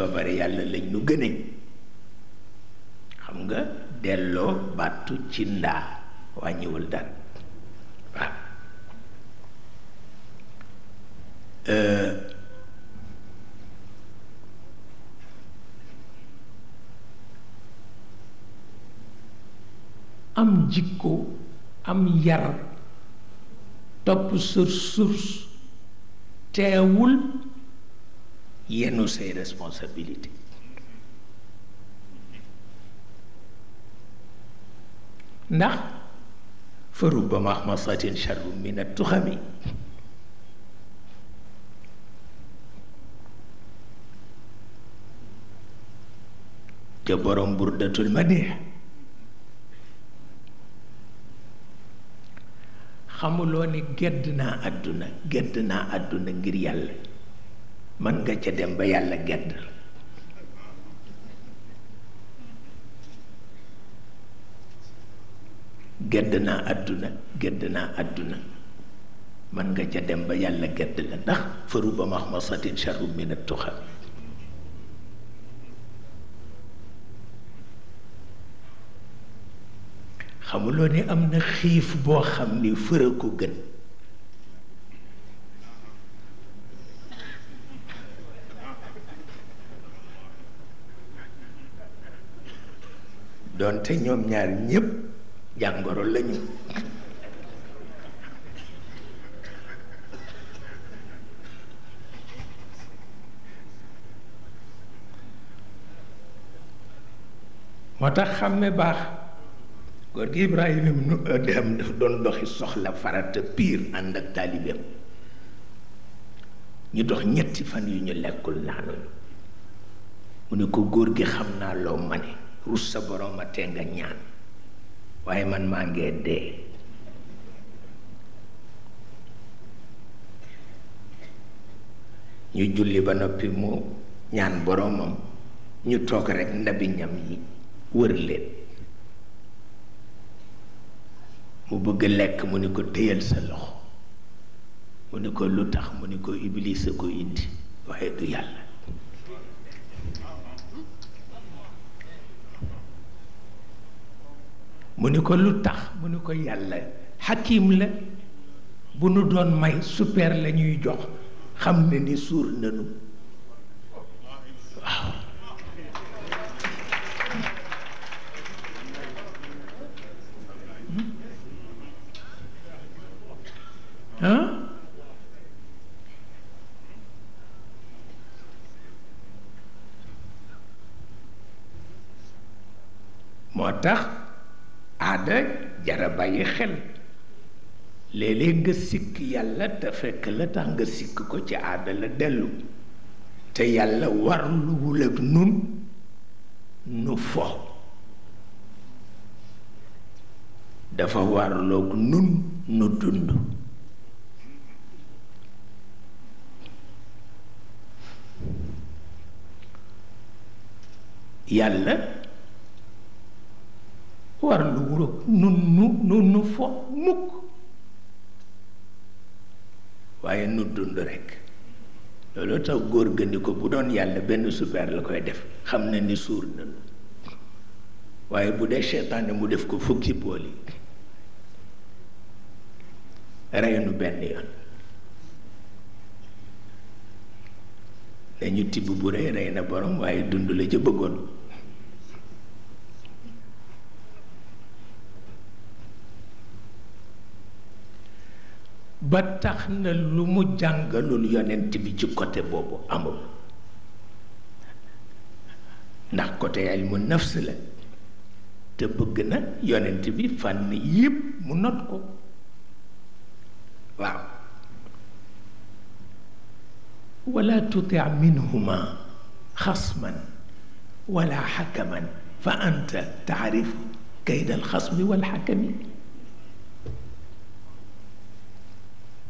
coobare yàlla lañ nu gëneñ xam nga delloo bàttu ci ndaa wàññiwul dara waaw am jikko am yar topp sur teewul yenu say responsabilité ndax fa rubba mahmasatin charru min attuxami te borom burdatul madih xamuloo ni gedd naa àdduna gedd naa àdduna ngir yàlla mën nga ca dem ba yàlla gedd gedd naa àdduna gedd naa àdduna mën nga ca dem ba yàlla gedd la ndax faru ba maxmasatin charrum min attuxa xamuloo ni am na xiif boo xam ni fëra ko gën doonte ñoom ñaar ñépp jàngoro lañu moo tax xàmme baax góor gi Ibrahima nu euh, dem daf doxi soxla farata piir ànd ak taalibeem ñu dox ñetti fan yu ñu lekkul naanuñu mu ne ko góor gi xam naa loo ma ne rus sa borom a tee nga ñaan waaye man maa ngee dee ñu julli ba noppi mu ñaan boromam ñu toog rekk ndabi ñam yi wër leen mu bëgg lekk mu ni ko téyal sa loxo mu ni ko lu tax mu ni ko iblis a ko indi waaye du yàlla mu ni ko lu tax mu ni ko yàlla xakim la bu nu doon may super la ñuy jox xam ne ni suur nanu waaw hmm? moo tax nag jara bàyyi xel léeg-léeg nga sikk yàlla te fekk la tax nga sikk ko ci aada la dellu te yàlla warluwul ak nun nu fo dafa warloog nun nu dund yàlla war lu wuroog nun nun nu fo mukk waaye nu dund rekk looloo tax góor gën ko bu doon yàlla benn super la koy def xam na ni suur nanu waaye bu dee seytaane mu def ko fukki bool yi reyanu benn yoon dañu tibb bu rey rey na borom waaye dund la ca bëggoon ba tax na lu mu jàngalul yonent bi ci côté boobu amul ndax côté ilmu nafs la te bëgg na yonent bi fànn yépp mu not ko waaw wala tuti minhuma xasman wala xakaman fa anta taarifu kayd alxasmi walxakami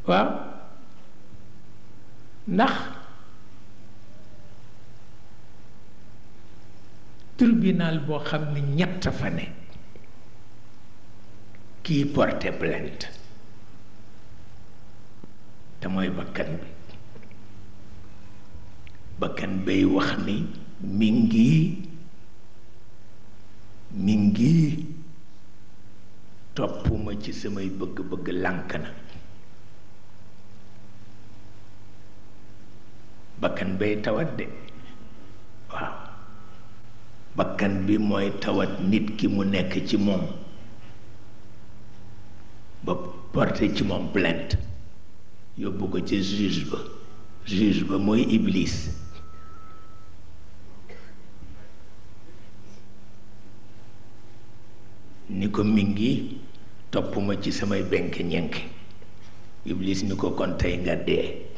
waaw ndax tribunal boo xam ne ñett fa ne kii porté plainte te mooy bakkan bi bakkan bay wax ni mi ngi mi ngi topp ci samay bëgg-bëgg lànk na bakkan bay tawat de waaw bakkan bi mooy tawat nit ki mu nekk ci moom ba porté ci moom plainte yóbbu ko ci juge ba juge ba mooy ibliis ni ko mi ngi topp ma ci samay benk ñenk iblis ni ko kon tey nga dee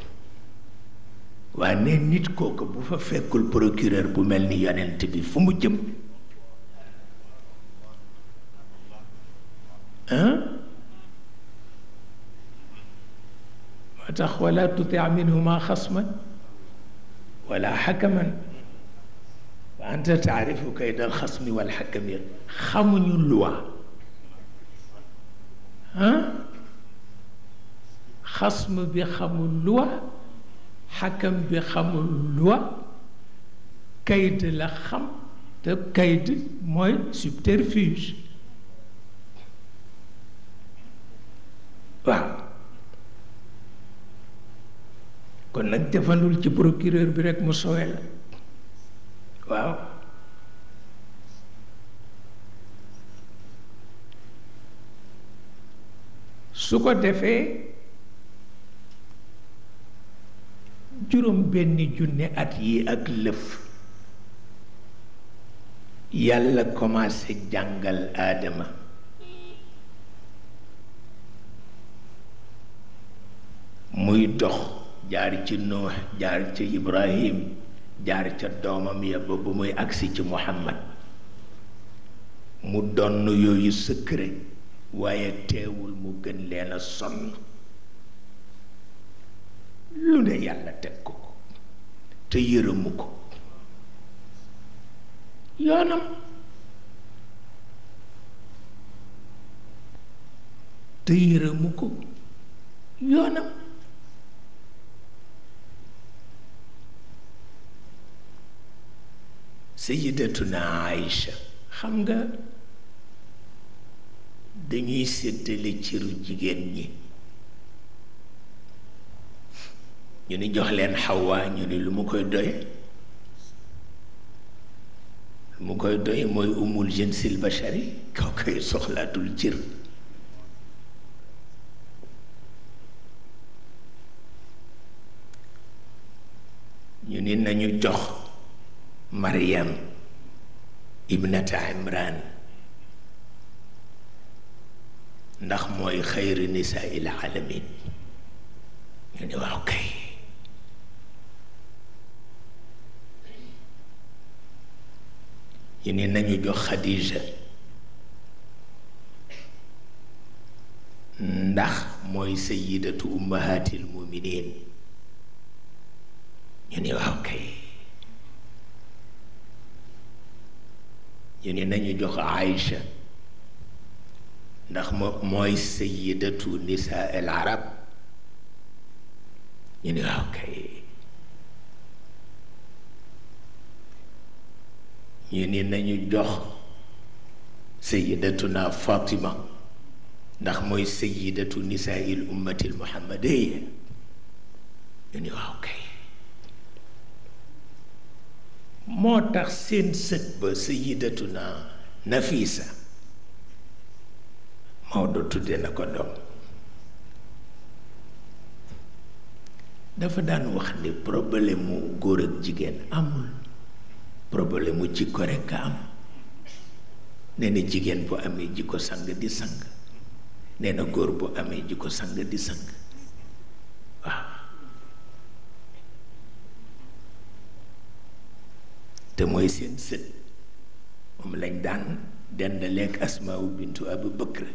waa ne nit kooku bu fa fekkul procureur bu mel ni yonent bi fu mu jëm moo tax wala tuti minhuma xasman wala xakaman wa anta taarifu kayda alxasmi walxakami xamuñu loi xasm bi xamul loi حكم بخم اللوا كيد لخم تب كيد سبترفيج واه كون نك ديفاندول سي بروكيرور بي واه سوكو ديفي juróom benn junne at yi ak lëf yàlla commencé jàngal aadama muy dox jaar ci nuux jaar ci ibrahim jaar ca doomam ya ba bu muy agsi ci muhammad mu donn yooyu secret waaye teewul mu gën leen a sonn lu ne yàlla teg ko ko te yërëmu ko yoonam te yërëmu ko yoonam sayyidatuna Aïcha xam nga dañuy séddale ciru jigéen ñi ñu ni jox leen xawaa ñu ni lu mu koy doy lu mu koy doy mooy umul jinsil bashari kaw koy soxlaatul cër ñu ni nañu jox Maryam ibnata Imran ndax mooy xayri nisaa il alamin ñu ni waaw kay ñu ni nañu jox Xadija ndax mooy sayidatu ummahatil muminin ñu ni waaw kay ñu ni nañu jox Aïcha ndax mo mooy sayidatu nisaa al arab ñu ni waaw kay ñu ni nañu jox sayidatuna fatima ndax mooy sayidatu nisail ummatil muhammadiya ñu ni waaw kay moo tax seen sët ba sayidatuna nafisa Maodo tudde na ko doom dafa daan wax ni problème mu góor ak jigéen amul problème mu jikko rekk a am nee na jigéen bu amee jikko sang di sang nee na góor bu amee jikko sang di sang waaw te mooy seen sët moom lañ daan dendaleeg asmaawu bintu abu bakr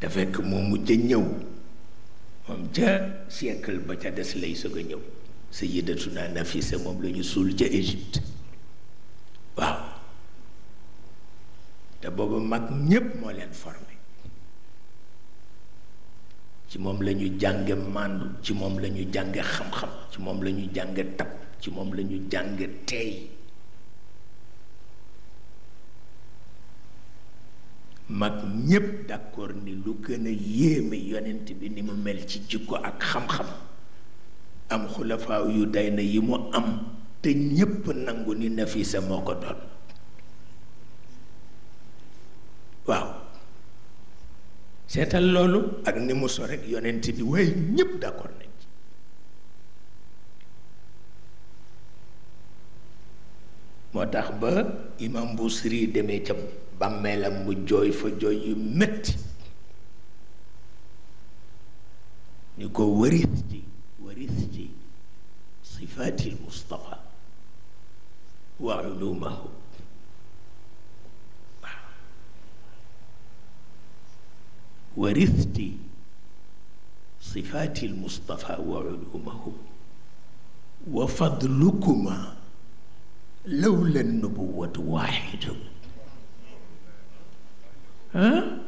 te fekk moo mujj a ñëw moom ca siècle ba ca des lay soog a ñëw sayyidatuna Nafisa moom lañu suul ca Égypte waaw te booba mag ñépp moo leen forme ci moom la ñu jànge màndu ci moom la jànge xam-xam ci moom la ñu jànge tab ci moom la ñu jànge teey mag ñépp d'accord ni lu gën a yéeme yonent bi ni mu mel ci jikko ak xam-xam am xulafaaw yu day na yi mu am te ñépp nangu ni Nafisa moo ko doon waaw seetal loolu ak ni mu so yonent bi waaye ñépp d'accord nañ ci moo tax ba imam Busiri demee ca bàmmeelam mu jooy fa jooy yu metti ñu ko wëris ji صفات المصطفى وعلومه ورثت صفات المصطفى وعلومه وفضلكما لولا النبوة واحد ها؟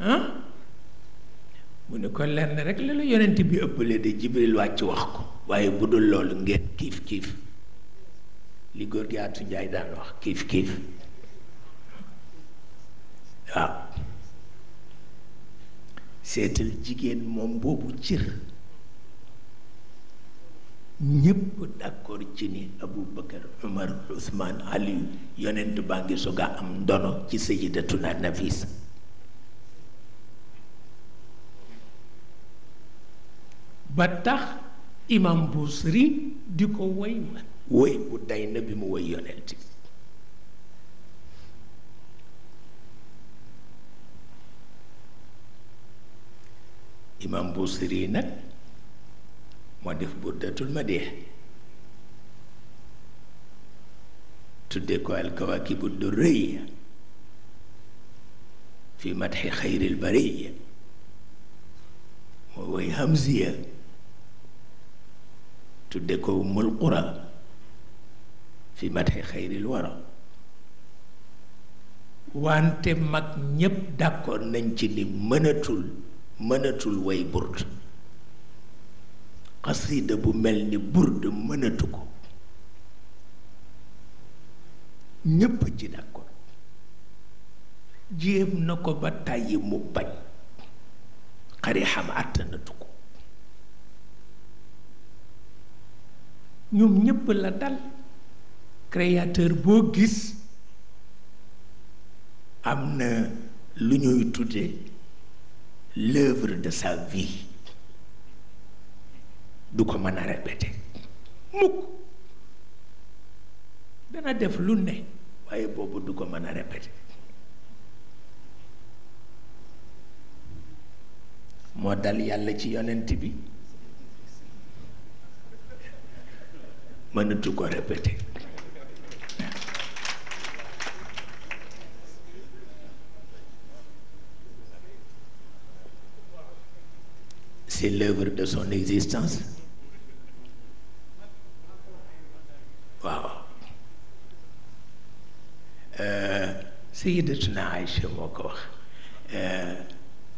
ها؟ mu ne ko lenn rek la la yonent bi ëppale de jibril wàcc wax ko waaye bu dul loolu ngeen kiif kiif li góor gi Atou Ndiaye daan wax kiif kiif waaw seetal jigéen moom boobu cër ñépp d'accord ci ni Aboubacar Umar Ousmane Aliou yonent baa ngi soog am ndono ci Sayyidatuna Nafis ba tax imam Busiri di ko woy ma woy bu day na bi mu woy yonent bi imam Busiri nag moo def burdatul madih tudde ko alkawaakibu durriya fi madxi xayril bariya moo woy hamziya tudde ko ummul qura fi madhi xayril wara wante mag ñépp d'accord nañ ci ni mënatul mënatul way burd xasida bu mel ni burd mënatu ko ñépp ci d'accord jéem na ko ba tàyyi mu bañ xari xam àttanatu ko ñoom ñépp la dal créateur boo gis am na lu ñuy tuddee l'œuvre de sa vie du ko mën a répéter mukk dana def lu ne waaye boobu du ko mën a répéter moo dal yàlla ci yonent bi mënatu ko répété c'est l'œuvre de son existence waaw euh, Sayyidatuna Aïcha moo ko wax euh,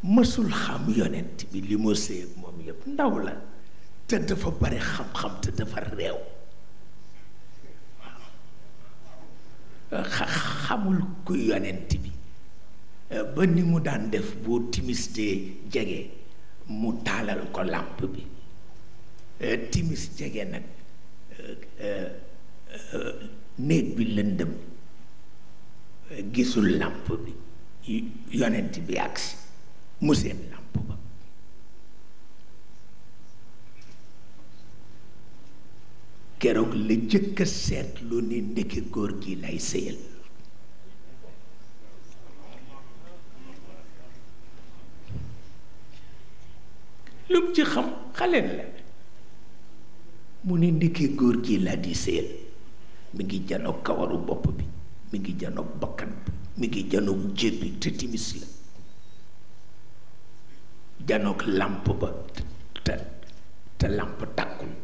mësul xam yonent bi li mu séeg moom yëpp ndaw la te dafa bari xam-xam te dafa réew xamul ku yonent bi euh, ba ni mu daan def boo timistee jege mu taalal ko làmp bi euh, timis jege nag euh, néeg bi lëndëm gisul làmp bi yonent bi agsi mu seen keroog la jëkk a seetlu ni ndekki góor gi lay sëyal lu mu ci xam xaleen la mu ne ndekki góor gi la di sëyal mu ngi janoog kawaru bopp bi mi ngi janoog bokkan bi mi ngi janoog jër bi te timis la janoog làmp ba te te làmp tàkkul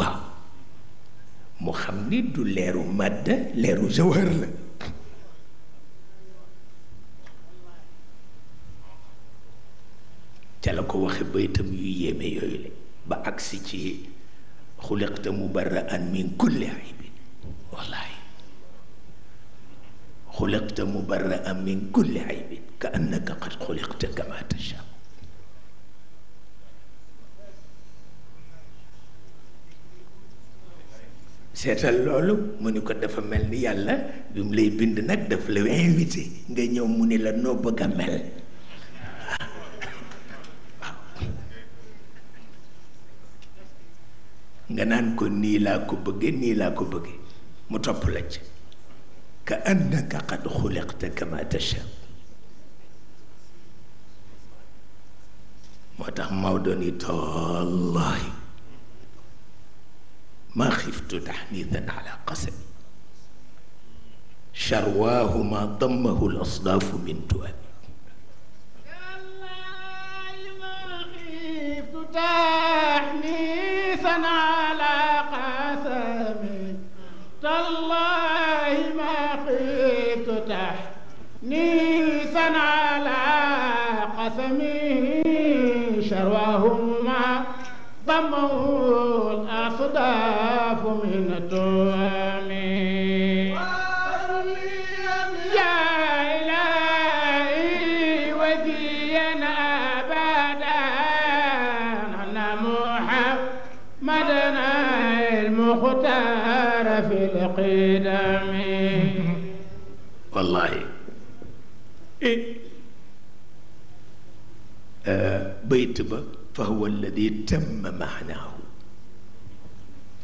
waaw mu xam ni du leeru màdda leeru zawhar la ca la ko waxe baytam yu yéeme yooyu la ba agsi ci xuliqta mubarraan min kulli aybin wallahi xuliqta mubarraan min kulli aybin ka annaka qad xuliqta kama tasha seetal loolu mu ne ko dafa mel ni yàlla bi mu lay bind nag daf la invité nga ñëw mu ni la noo bëgg mel nga naan ko nii laa ko bëgge nii laa ko bëgge mu topp la ci ka annaka qad xuliqta kama tasha moo tax Maodo ni toollahi ما خفت تحنيثا على قسمي شرواه ما ضمه الأصداف من تؤمي تحنيثا على يا إلهي أن المختار في القدم والله إيه آه بيت فهو الذي تم معناه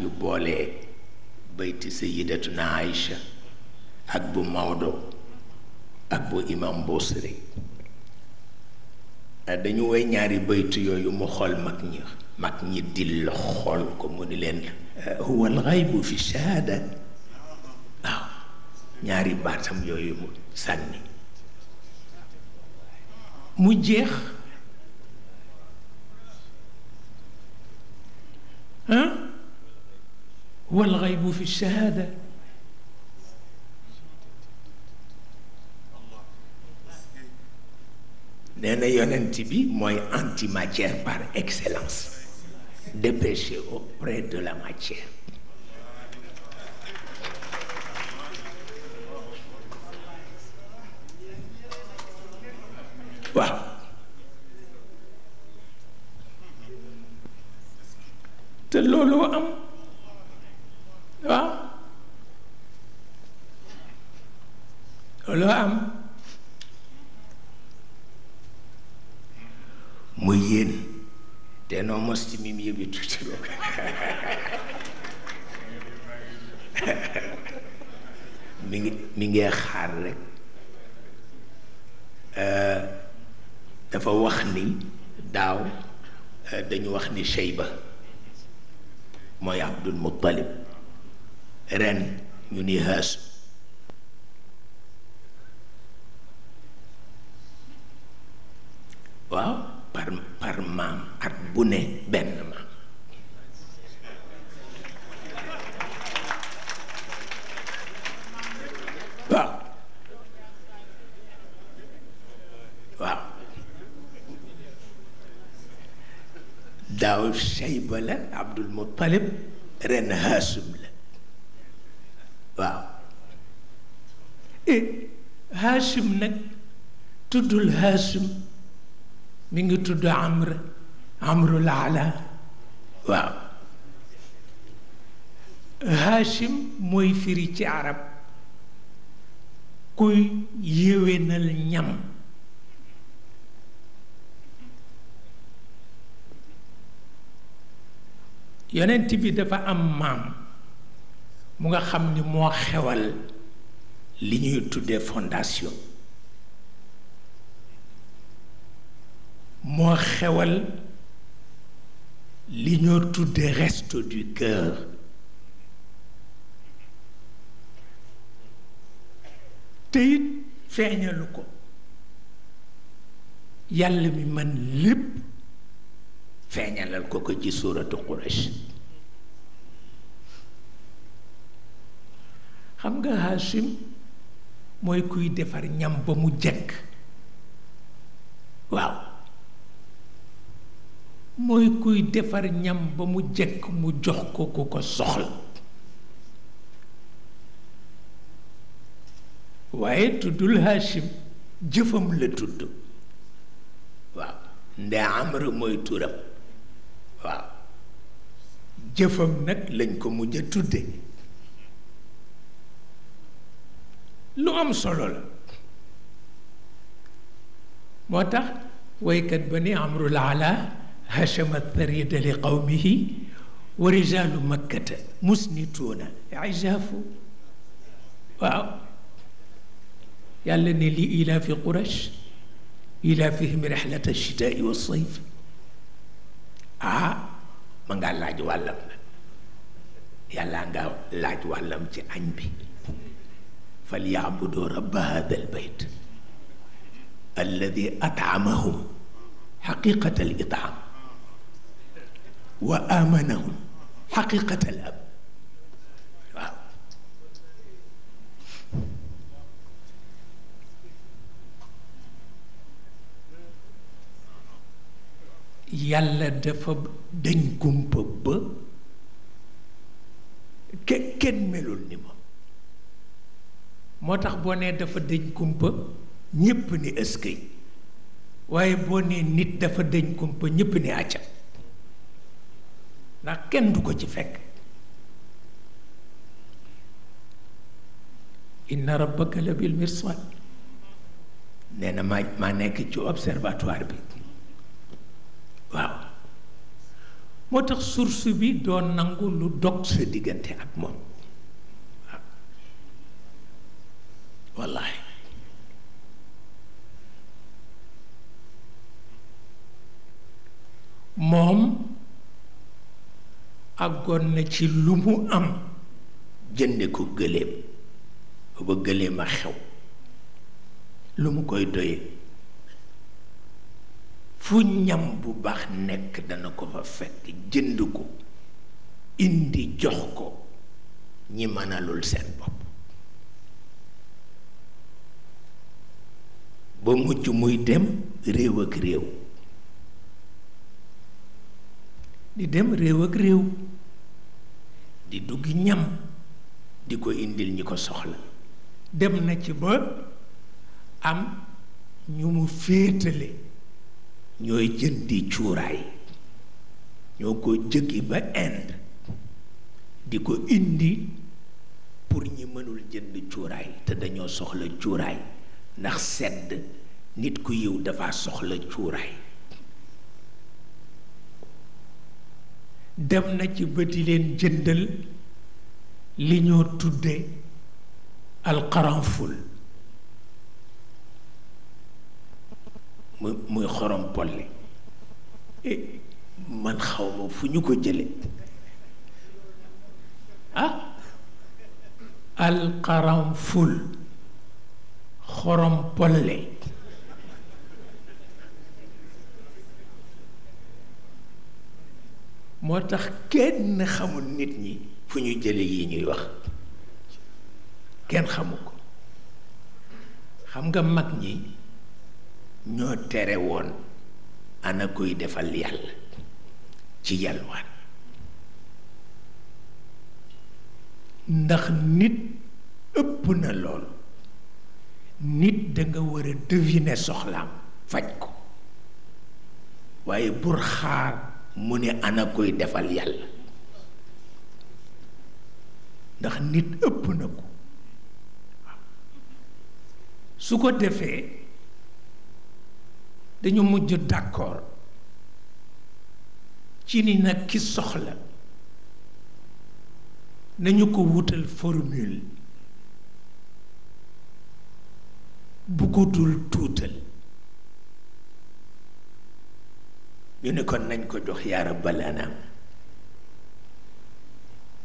yu boole bayti sayyidatuna aisha ak bu mawdo ak bu imam Bosri dañu way ñaari bayti yooyu mu xol mag ñi mag ñi dil xol ko mu ni leen huwa alxaybu fi shahada waaw ñaari baatam yooyu mu sànni mu jeex ah والغيب في الشهادة nee na yonent Moi, anti-matière par excellence dépêché auprès de la matière waaw te loolu am loo am mu yéen te noo mos ci mim yëbi tuuti mi ngee xaar rek dafa wax ni daaw dañu wax ni Shayba mooy Abdul Muttalib Talib ren haasum la waaw eh, haasum nag tuddul haasum mi ngi tudd amr amrul ala waaw haashim mooy firi ci arab kuy yéwénal ñam yonent bi dafa am maam mu nga xam ni moo xewal li ñuy tuddee fondation moo xewal li ñoo tuddee Restos du Cœur te feeñalu ko yàlla mi man lépp feeñalal ko ko ci suuratu Quraysh xam nga Hachim mooy kuy defar ñam ba mu jekk waaw mooy kuy defar ñam ba mu jëkk mu jox ko ku ko soxla waaye tuddul Hachim jëfam la tudd waaw nde Amr mooy turam waaw jëfam nag lañ ko mujj a tudde lu am solo la moo tax waykat ba ni amrul ala hashama tharida li qawmihi wa rijalu makkata musnituuna ijaafu waaw yàlla ne li ilaafi qurash ilaafihim rihlata alshitaai wa sayf ma ngaa laaj wàllam na yàllaa nga laaj wàllam ci añ bi fal yaabudu rabba hada al bayt alladi ataamahum xaqiqata al itaam wa amanahum xaqiqata al am yàlla dafa dañ kumpa ba kenn kenn melul ni moom moo tax boo nee dafa dañ kumpa ñépp ni ëskëy waaye boo nee nit dafa dëñ kumpa ñépp ni acca ndax kenn du ko ci fekk inna rabbaka la bil mirsad nee na maa maa nekk ci observatoire bi waaw moo tax source bi doo nangu lu dog sa diggante ak moom waaw wallaahi moom àggoon na ci lu mu am jënde ko gëléem ba gëléem a xew lu mu koy doyee fu ñam bu baax nekk dana ko fa fekk jënd ko indi jox ko ñi mënalul seen bopp ba mujj muy dem réew ak réew di dem réew ak réew di dugg ñam di ko indil ñi ko soxla dem na ci ba am ñu mu féetale ñooy jëndi cuuraay ñoo ko jëggi ba Inde di ko indi pour ñi mënul jënd cuuraay te dañoo soxla cuuraay ndax sedd nit ku yiw dafa soxla cuuraay dem na ci bëti leen jëndal li ñoo tudde alqaranful muy xorom polli eh, man xaw ma fu ñu ko jële ah alxaram ful xorom polle moo tax kenn xamul nit ñi fu ñu jële yi ñuy wax kenn xamu ko xam nga mag ñi ñoo tere woon ana koy defal yàlla ci yalwaan ndax nit ëpp na lool nit danga war a deviner soxlaam faj ko waaye bur xaar mu ne ana koy defal yàlla ndax nit ëpp na ko su ko defee dañu mujj d'accord ci ni nag ki soxla nañu ko wutal formule bu ko tuutal ñu ne ko nañ ko jox yaara balaanaam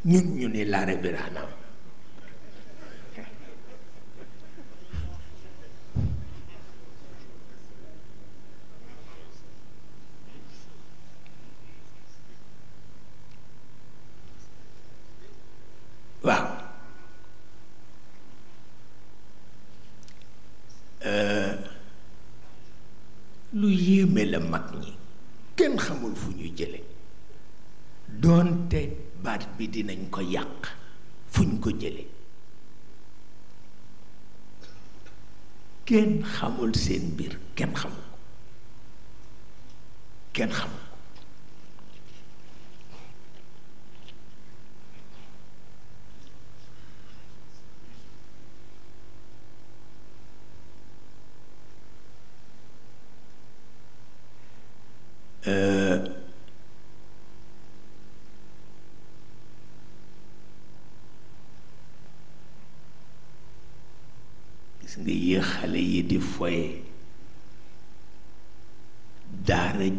ñun ñu ni laara biraanaam kenn xamul seen biir kenn xamul kenn xamul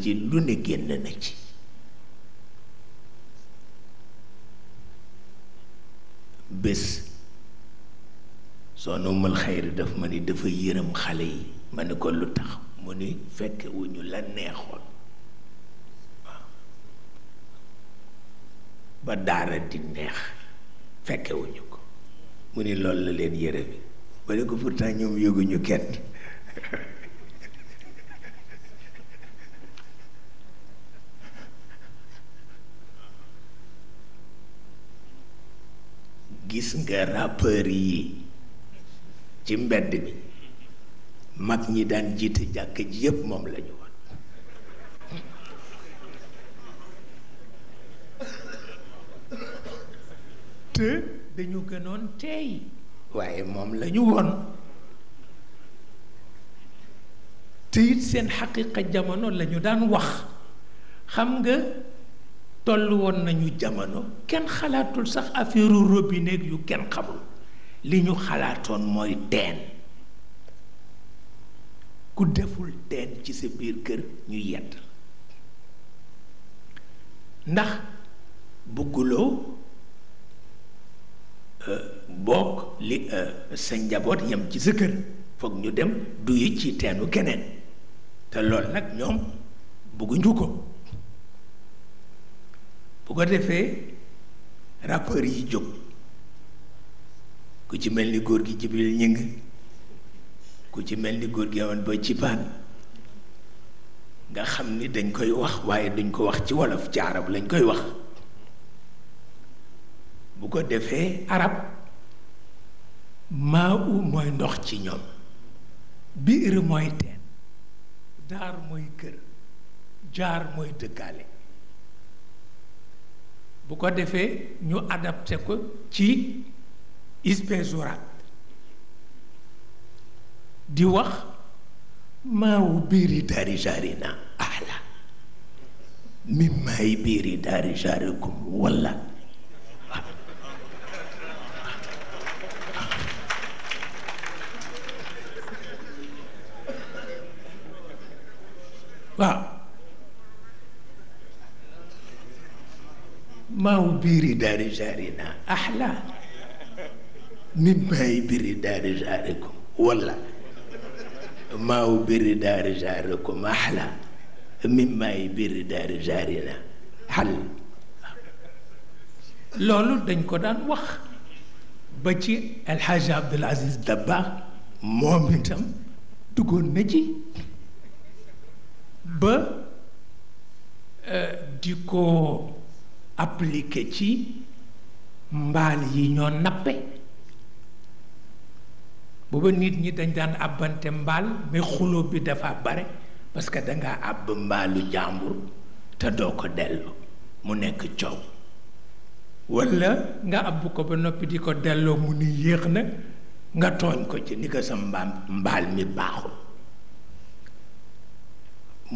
ci lu ne génn na ci bés soo nomal xayri daf ma ni dafa yërëm xale yi ma ne ko lu tax mu ni fekkewuñu wu la neexoon ba daara di neex fekkewuñu ko mu ni loolu la leen yërëmi ma ne ko pourtant ñoom yëguñu kenn gis nga rappeur yi ci mbedd mi mag ñi daan jiite jàkk ji yépp moom lañu woon te dañu gënoon teey waaye moom lañu woon te it seen xaqiqa jamono lañu daan wax xam nga toll woon nañu jamono kenn xalaatul sax affaire robinet yu kenn xamul li ñu xalaatoon mooy teen ku deful teen ci sa biir kër ñu yedd ndax bëgguloo euh, bokk li euh, sa njaboot yem ci sa kër foog ñu dem duyi ci teenu keneen te loolu nag ñoom bëgguñu ko bu ko defee rappeurs yi jóg ku ci mel ni góor gi Jibril Ñing ku ci mel ni góor gi amoon ba ci paan nga xam ni dañ koy wax waaye duñ ko wax ci wolof ci arab lañ koy wax bu ko defee arab maa u mooy ndox ci ñoom biir mooy teen daar mooy kër jaar mooy dëkkaale bu ko defee ñu adapté ko ci ispézorat di wax maawu biiri daari jaari jarina ahla mi maay biiri daari jaari jarikum wala waaw ما هو بيري دار جارنا أحلى مما يبيري دار جاركم ولا ما هو بيري دار جاركم أحلى مما يبيري دار جارنا حل لولو dañ ko وخ بجي الحاج عبد العزيز دبا مومنتم Aziz نجي ب ديكو appliqué ci mbaal yi ñoo nappe booba nit ñi dañ daan àbbante mbaal mais xuloo bi dafa bare parce que danga àbb mbaalu jàmbur te doo ko dellu mu nekk coow walla nga àbb ko ba noppi di ko delloo mu ni yéex na nga tooñ ko ci ni ko sa mbaam mbaal mi baaxul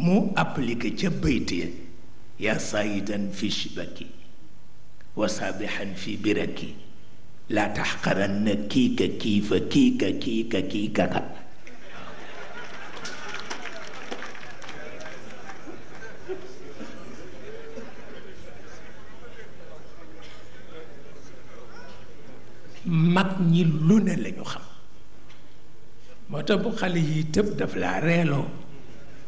mu appliqué ca bayt يا صيدا في شبكي وسابحا في بركي لا تحقرن كيك كيف كيك كيك كيك, كيك. mag ñi lu ne lañu xam moo tax bu xale yi tëb daf laa reeloo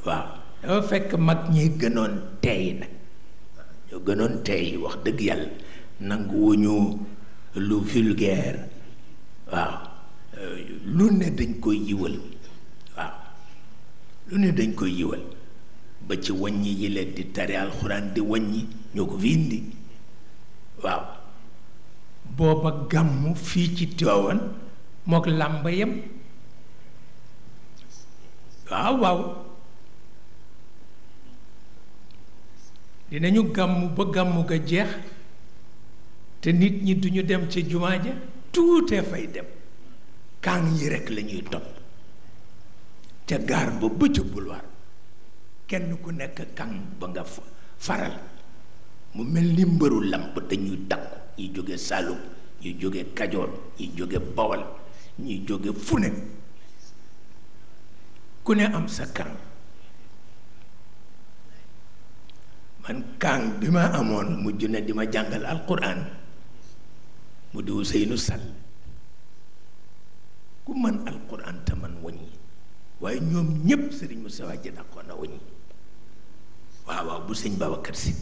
waaw dafa fekk mag ñi gënoon tey nag ñoo gënoon tey wax dëgg yàlla nangu wuñu lu vulgaire euh, lu ne dañ koy yiwal waaw lu ne dañ koy yiwal ba ci wàññi yi leen di tari alxuraan di wàññi ñoo ko fi indi waaw booba gàmmu fii ci Tiwaawan mook làmba yam waaw waaw dinañu gàmm ba gàmm ga jeex te nit ñi duñu dem ci jumaa ja tuutee fay dem kàng yi rekk lañuy topp ca gaar ba bëcc boulevard kenn ku nekk kàng ba nga faral mu mel ni mbëru làmp dañuy takku ñi jóge Saalum ñi jóge Kajoor ñi jóge Bawol ñi jóge fu ne ku ne am sa kàng man kàng bi ma amoon mujj na di ma jàngal alquran mu di Ousseynou Sall ku man alquran te man waññi waaye ñoom ñépp sëriñ Moussa waaw waaw bu sëñ Babacar Si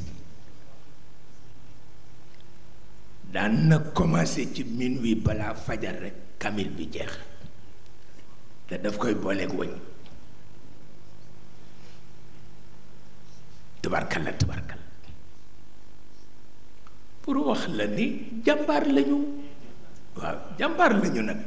daan na commencé ci min wi balaa fajar rek kamil bi jeex te daf koy booleeg waññi tubarkal la tubarkal pour wax la ni jàmbaar lañu waaw jàmbaar lañu nag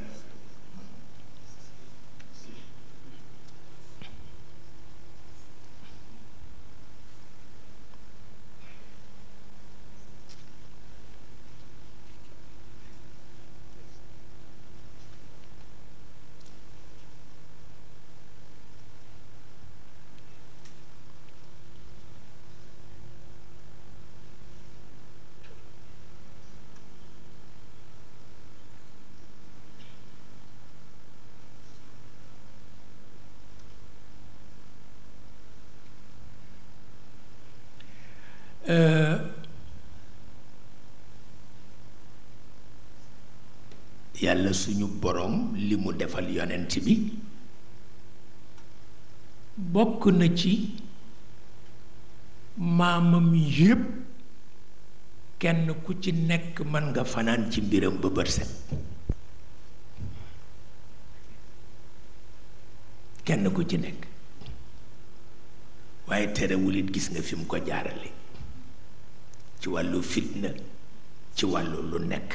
boroom li mu defal yonent bi bokk na ci maamam yépp kenn ku ci nekk mën nga fanaan ci mbiram ba set kenn ku ci nekk waaye terewul it gis nga fi mu ko jaarale ci wàllu fitna ci wàllu lu nekk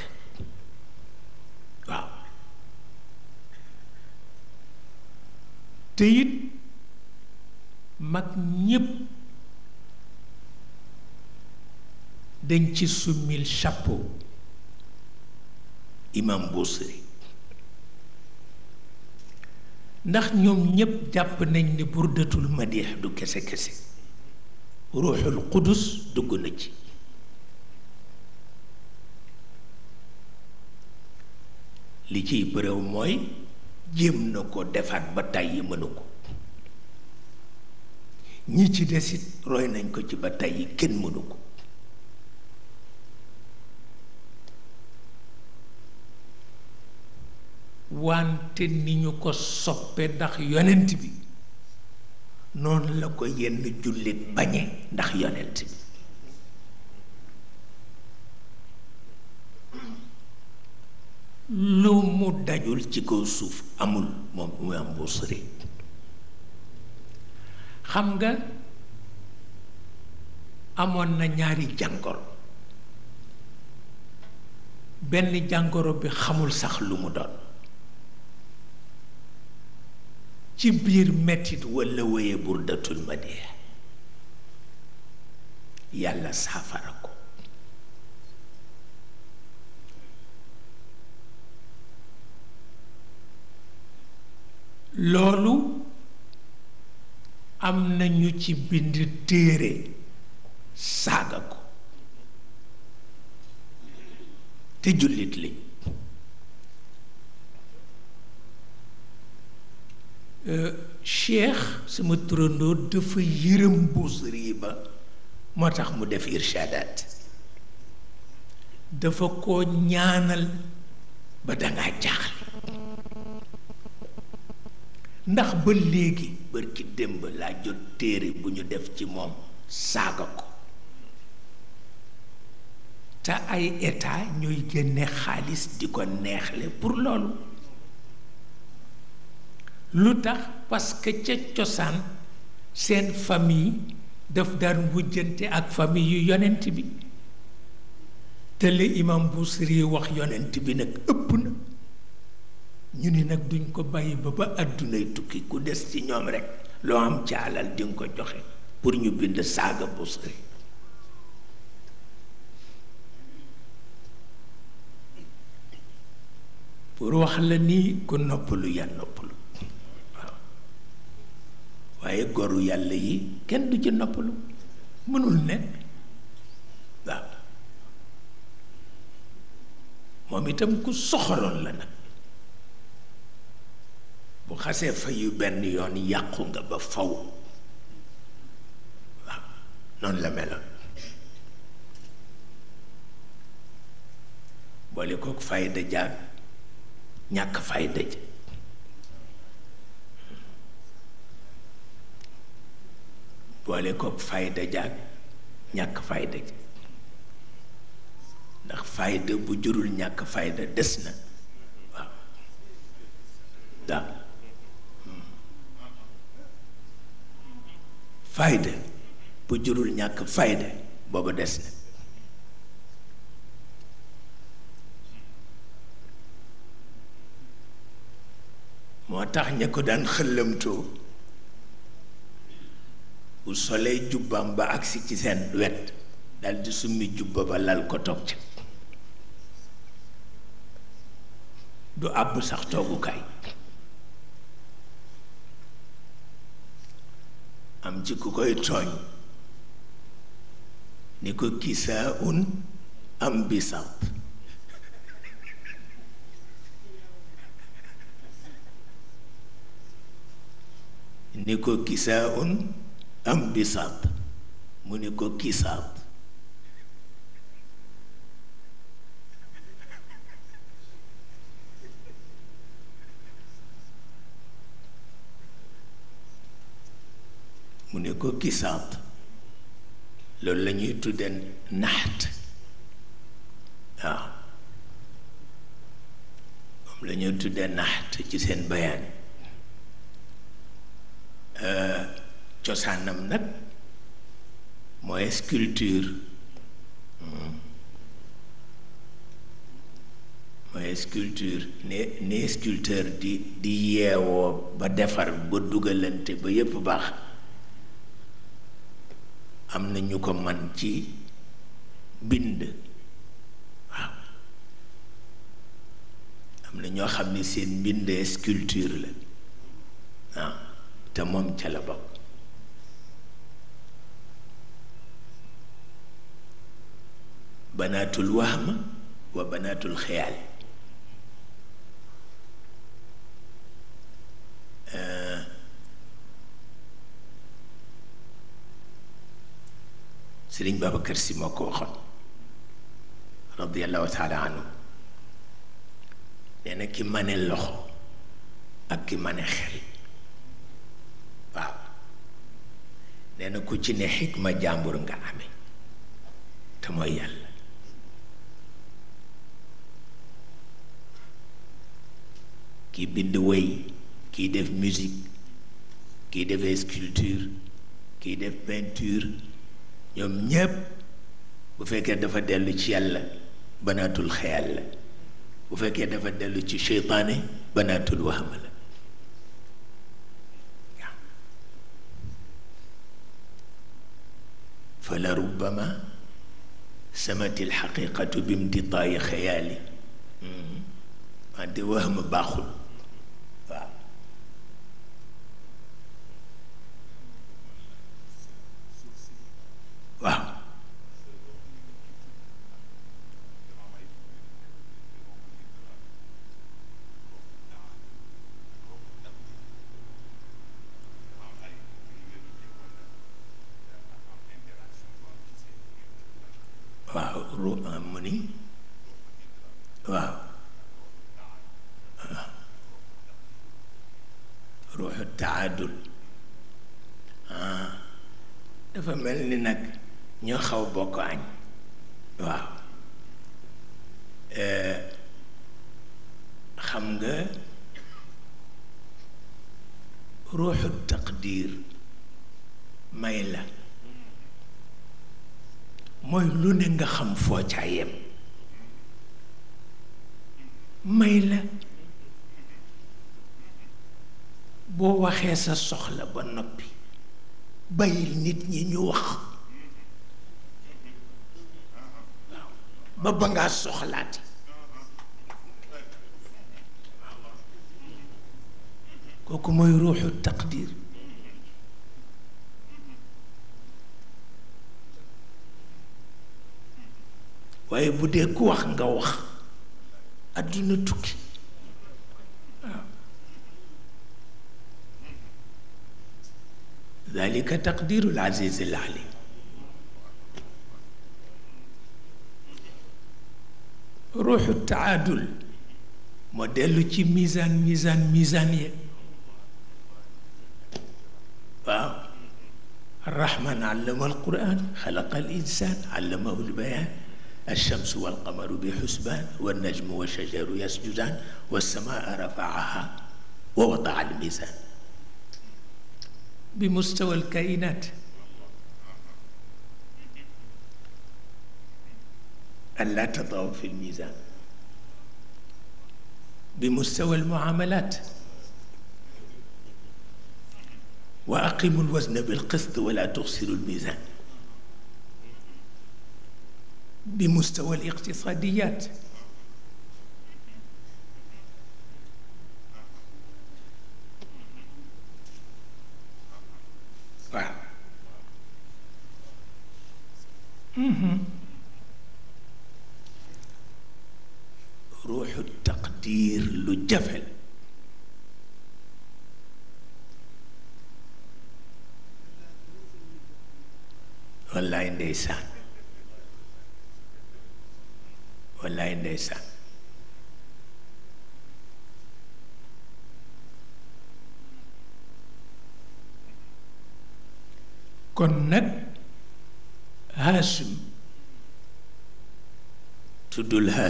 te it mag ñépp dañ ci summil chapeau imam Bousiri ndax ñoom ñépp jàpp nañ ni burdatul madix du kese-kese ruuxul qudus dugg na ci li ciy bëréw mooy jéem na ko defaat ba tàyyi mënu ko ñi ci desit roy nañ ko ci ba tàyyi kenn mënu ko wante ni ñu ko soppe ndax yonent bi noonu la ko yenn jullit bañe ndax yonent bi lu mu dajul ci kaw suuf amul moom muy am Busiri xam nga amoon na ñaari jàngoro benn jàngoro bi xamul sax lu mu doon ci biir mettit walla wéye burdatul ma dee yàlla saafara ko loolu am na ñu ci bind téere saaga ko te jullit li euh, cheikh sama turandoo dafa yërëm Busiri ba moo tax mu def irshadaat dafa ko ñaanal ba dangaa jaaxle ndax ba léegi bërki démb laa jot téere bu ñu def ci moom saaga ko te ay état ñooy génne xaalis di ko neexle pour loolu lu tax parce ca cosaan seen famille daf daan wujjante ak famille yu yonent bi te li imam Busiri wax yonent bi nag ëpp na ñu ni nag duñ ko bàyyi ba ba àddunay tukki ku des ci ñoom rekk loo am ci alal di ko joxe pour ñu bind saaga Busiri pour wax la nii ku noppalu ya noppalu waaw waaye goru yàlla yi kenn du ci noppalu mënul ne waaw moom itam ku soxoroon la nag bu xasee fayu benn yoon yàqu nga ba faw waaw noonu la meloon boole kook fayda jaag ñàkk fayda ja boole kook fayda jaag ñàkk fayda ja ndax fayda bu jurul ñàkk fayda des na waaw fayda bu jurul ñàkk fayda booba des na moo tax ña ko daan xëllamtoo bu solee jubbaam ba agsi ci seen wet daldi summi jubba ba lal ko toog ca du àbb sax toogukaay am ci ku koy tooñ ni ko kisaa un am bisaab ni ko kisaa am bisaab mu ni ko kisaab mu ne ko kisaab loolu la ñuy tuddee naxt waaw moom la ñuy naxt ci seen bayaan euh, cosaanam nag mooy sculpture hmm. mooy sculpture ne ne sculpteur di di yeewoo ba defar ba dugalante ba yépp baax am na ñu ko man ci bind waaw am na ñoo xam ni seen mbind sculpture la waaw te moom ca la bokk banaatul wahma wa banaatul xeyaal سرين بابا كرسي موكو خن رضي الله تعالى عنه لأن يعني كي من اللخو أك كي من خل لأن يعني كوشي نحك ما جامبور نغا عمي تمو يال كي بندوي كي ديف ميزيك كي ديف سكولتور كي ديف بنتور كي ديف ñom ñépp bu fekkee dafa dellu ci yàlla banaatul xeyal la bu fekkee dafa dellu ci seytaane banaatul wahma la فلربما سمت الحقيقة بامتطاء خيالي ما وهم باخل dafa mel ni nag ñoo xaw bokk añ waaw xam nga ruuxu taqdiir may la mooy lu ne nga xam foo caa yem may la boo waxee sa soxla ba noppi bàyyil nit ñi ñu wax ba ba ngaa soxlaati kooku mooy ruuxu taqdir waaye bu dee ku wax nga wax àdduna tukki ذلك تقدير العزيز العليم روح التعادل موديل تي ميزان ميزان ميزان الرحمن علم القرآن خلق الإنسان علمه البيان الشمس والقمر بحسبان والنجم والشجر يسجدان والسماء رفعها ووضع الميزان بمستوى الكائنات ألا تضعوا في الميزان بمستوى المعاملات وأقيموا الوزن بالقسط ولا تخسروا الميزان بمستوى الاقتصاديات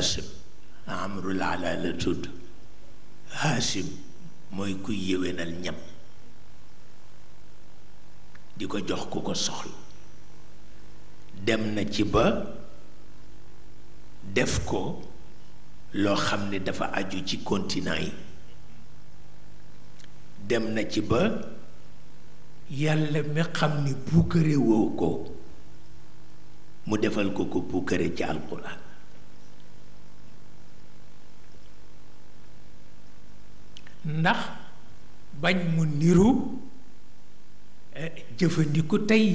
هاشم عمرو العلا لتود هاشم موي كوي يوين النم دي كو جوخ كو كو سخل دم نتي با لو خمني دفا عجو جي كونتيناي دم نتي با يالا مي خمني بوكري ووكو مو كوكو بوكري جي القرآن ndax bañ mu niru eh, jëfandiku tey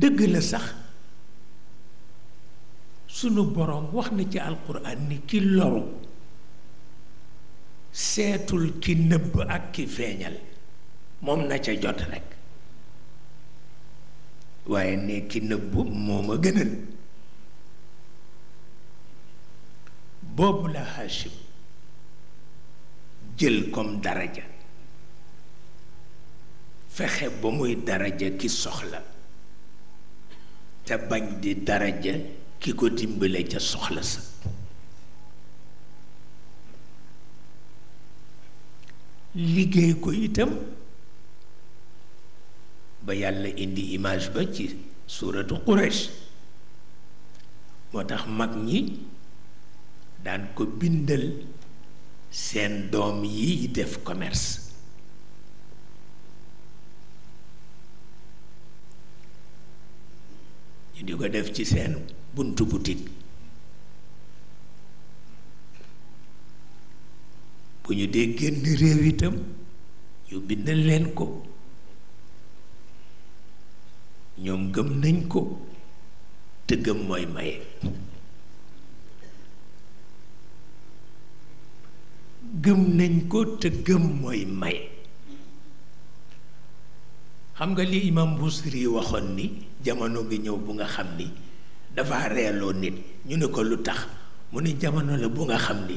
dëgg la sax sunu boroom wax na ci alquran ni ki loru seetul ki nëbb ak ki feeñal moom na ca jot rekk waaye ne ki nëbb moo ma gënal boobu la Hachim jël comme daraja fexe ba muy daraja ki soxla te bañ di daraja ki ko dimbale ca soxla sa liggéey ko itam ba yàlla indi image ba ci suuratu Quraysh moo tax mag ñi daan ko bindal seen doom yi def commerce ñu di ko def ci seen buntu boutique bu ñu dee génn réew itam ñu bindal leen ko ñoom gëm nañ ko te gëm mooy maye gëm nañ ko te gëm mooy may xam nga li imam Busiri waxoon ni jamono gi ñëw bu nga xam ni dafa reeloo nit ñu ne ko lu tax mu ne jamono la bu nga xam ni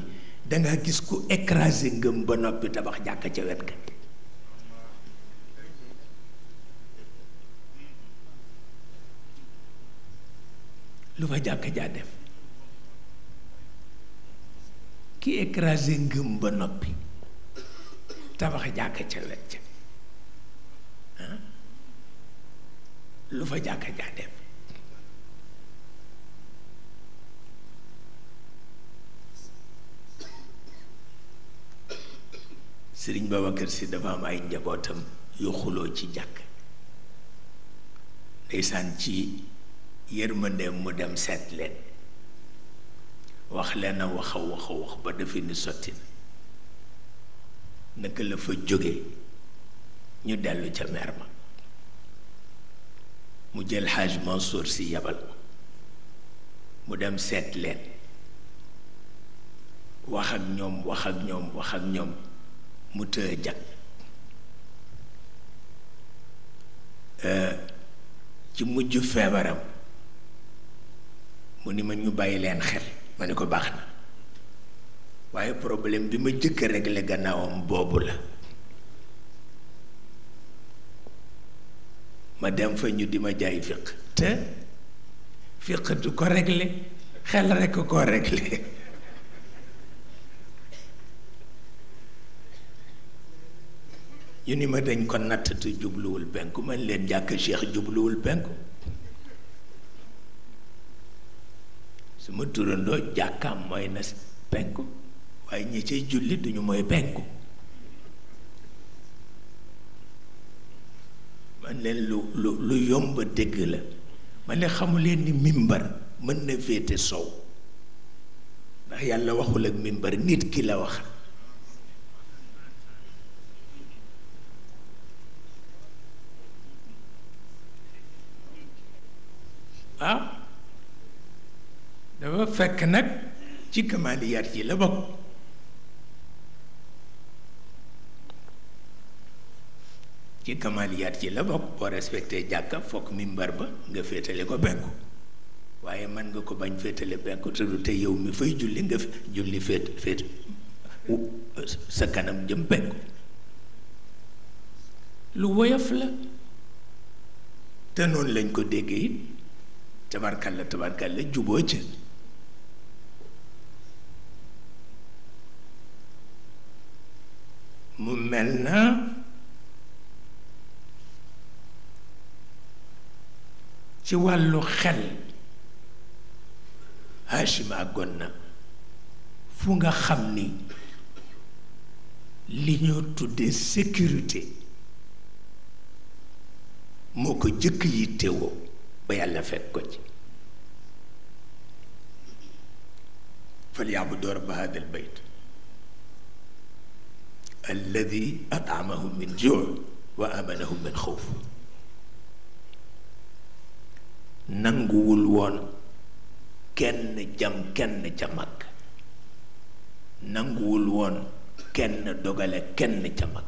danga gis ku écrasé ngëm ba noppi tabax jàkk ca wet ga lu fa jàkk jaa ki écrasé ngëm ba noppi tabax jàkk ca wet ca lu fa jàkka jaa def sëriñ Babacar si dafa am ay njabootam yu xuloo ci jàkk ndeysaan ci yërmandeem mu dem seet وخلنا وخو وخو وخ بدا في نسوتين نقل فجوغي نيو دالو جمير ما مجل حاج منصور سي يبل مدام سيت لين وخاك نيوم وخاك نيوم وخاك نيوم متى جاك ci mujj feebaram mu ni ma ñu bàyyi leen xel ma ne ko baax na waaye problème bi ma jëkk regle réglé gannaawam boobu la ma dem fa ñu di ma jaay fiq te fiq du ko réglé xel rekk ko réglé ñu ni ma dañ ko natt te jubluwul penku man leen jàkk cheikh jubluwul penku su ma turandoo jàkkam mooy na penku waaye ñi cay julli duñu mooy penku man leen lu lu lu yomb dégg la ma ne xamuleen ni mimbar mën na féete sow ndax yàlla waxul ak mimbar nit ki la wax dafa fekk nag ci kamaaliyaat yi la bokk ci kamaaliyaat yi la bokk boo respecté jàkka fokk mimbar ba nga féetale ko penku waaye mën nga ko bañ féetale penku te te yow mi fay julli nga julli féet féet sa kanam jëm penku lu woyof la te noonu lañ ko déggee it tabarkalla tabarkalla juboo ca mu mel na ci wàllu xel Hachim àggoon na fu nga xam ni li ñoo tuddee sécurité moo ko jëkk yi teewoo ba yàlla fekk ko ci falyaabudu rabba haadal bayt الذي أطعمهم من جوع وأمنهم من خوف نانغول وون كين جام كين جامك نانغول وون كين دوغال كين جامك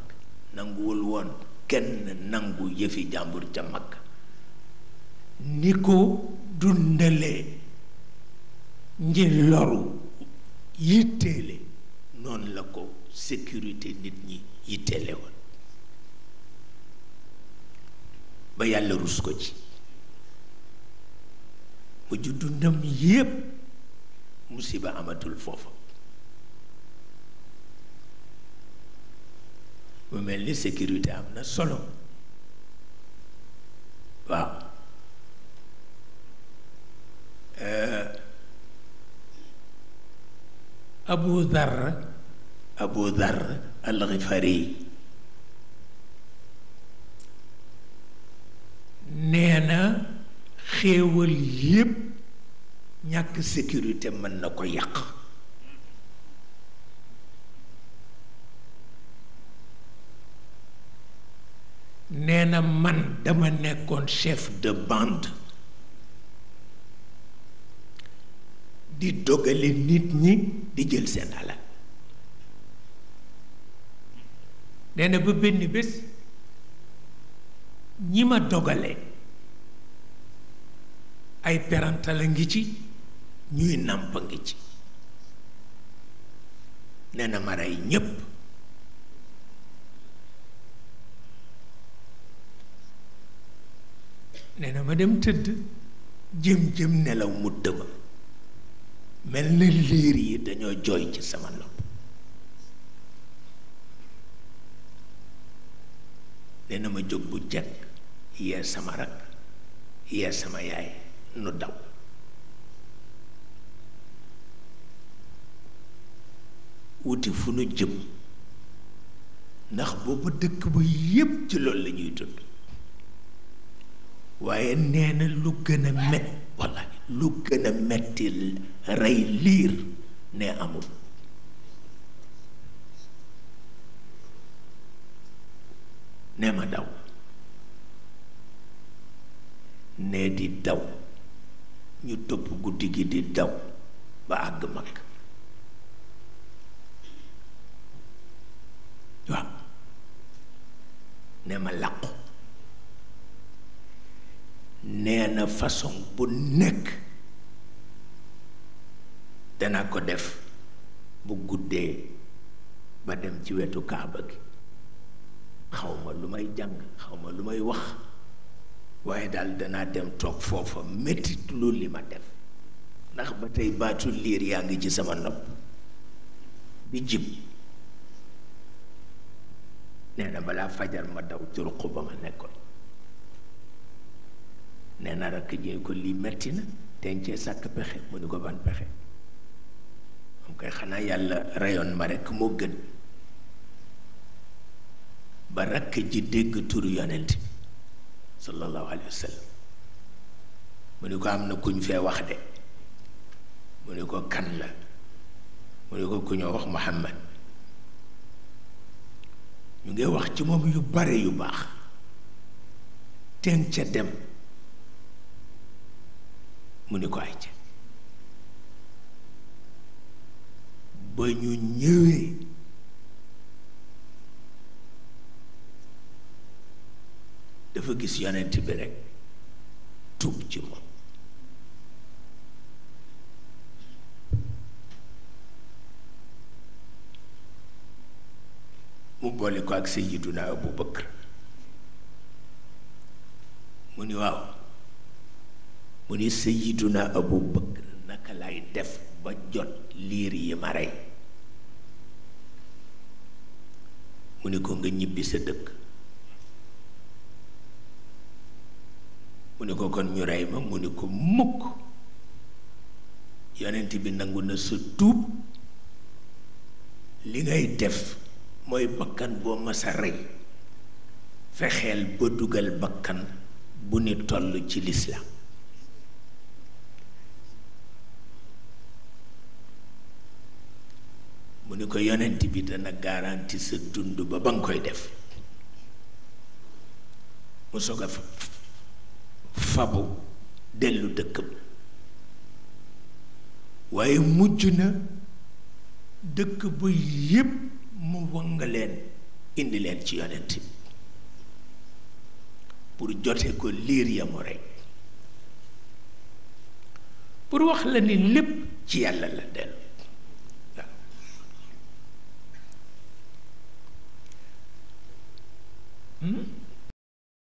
نانغول وون كين نانغو يفي جامبور جامك نيكو دوندالي نجي لورو يتيلي نون لاكو sécurité nit ñi yitteele woon ba yàlla rus ko ci mu juddu ndam yépp musiba amatul foofa mu mel ni sécurité am na solo waaw euh, Abu Dharr أبو ذر الغفاري nee na xéewal yépp ñàkk sécurité mën na ko yàq nee na man dama nekkoon chef de bande di dogale nit ñi di jël seen alal nee na ba benn bés ñi ma dogale ay perantal a ngi ci ñuy nàmp a ngi ci nee na ma rey ñépp nee ma dem tëdd jëm-jëm nelaw mu dëma mel na liir yi dañoo jooy ci sama nopp dana ma jóg bu jekk yee sama rakk yee sama yaay nu daw wuti fu nu jëm ndax boobu dëkk ba yépp ci loolu la ñuy waaye nee na lu gën a met walla lu gën a metti rey liir ne amul nee ma daw nee di daw ñu topp guddi gi di daw ba àgg mag waaw nee ma làqu nee na façon bu nekk dana ko def bu guddee ba dem ci wetu kaaba gi xawma ma lu may jàng xaw ma lu may wax waaye daal danaa dem toog foofa mettit lu li ma def ndax ba tey baatu liir yaa ngi ci sama nopp bi jib nee na balaa fajar ma daw ci ruq nekkoon nee na rakk jee ko lii metti na dencee sàkk pexe mu ni ko ban pexe am koy xanaa yàlla rayoon ma rekk moo gën ba rakk ji dégg turu yonent bi sallallahu alayhi wa sallam mu ni ko am na kuñ fee wax de mu ni ko kan la mu ni ko ku wax Muhammad ñu ngi wax ci moom yu bare yu baax teen ca dem mu ni ko ay ca ba ñu ñëwee dafa gis yonent bi rekk tuub ci moom mu boole ko ak Sayyiduna Abu Bakr mu ni waaw mu ni Sayyiduna Abu Bakr naka lay def ba jot liir yi ma rey mu ni ko nga ñibbi sa dëkk mu ne ko kon ñu ray ma mu ne ko mukk yonent bi nangu na tuub li ngay def mooy bakkan boo sa rey fexeel ba dugal bakkan bu ni toll ci lislam mu ni ko yonent bi dana garanti sa dund ba ba koy def mu fabu dellu dëkkam waaye mujj na dëkk ba yépp mu wanga leen indi leen ci yonent bi pour jote ko liir yamu rekk pour wax la ni lépp ci yàlla la dellu hmm?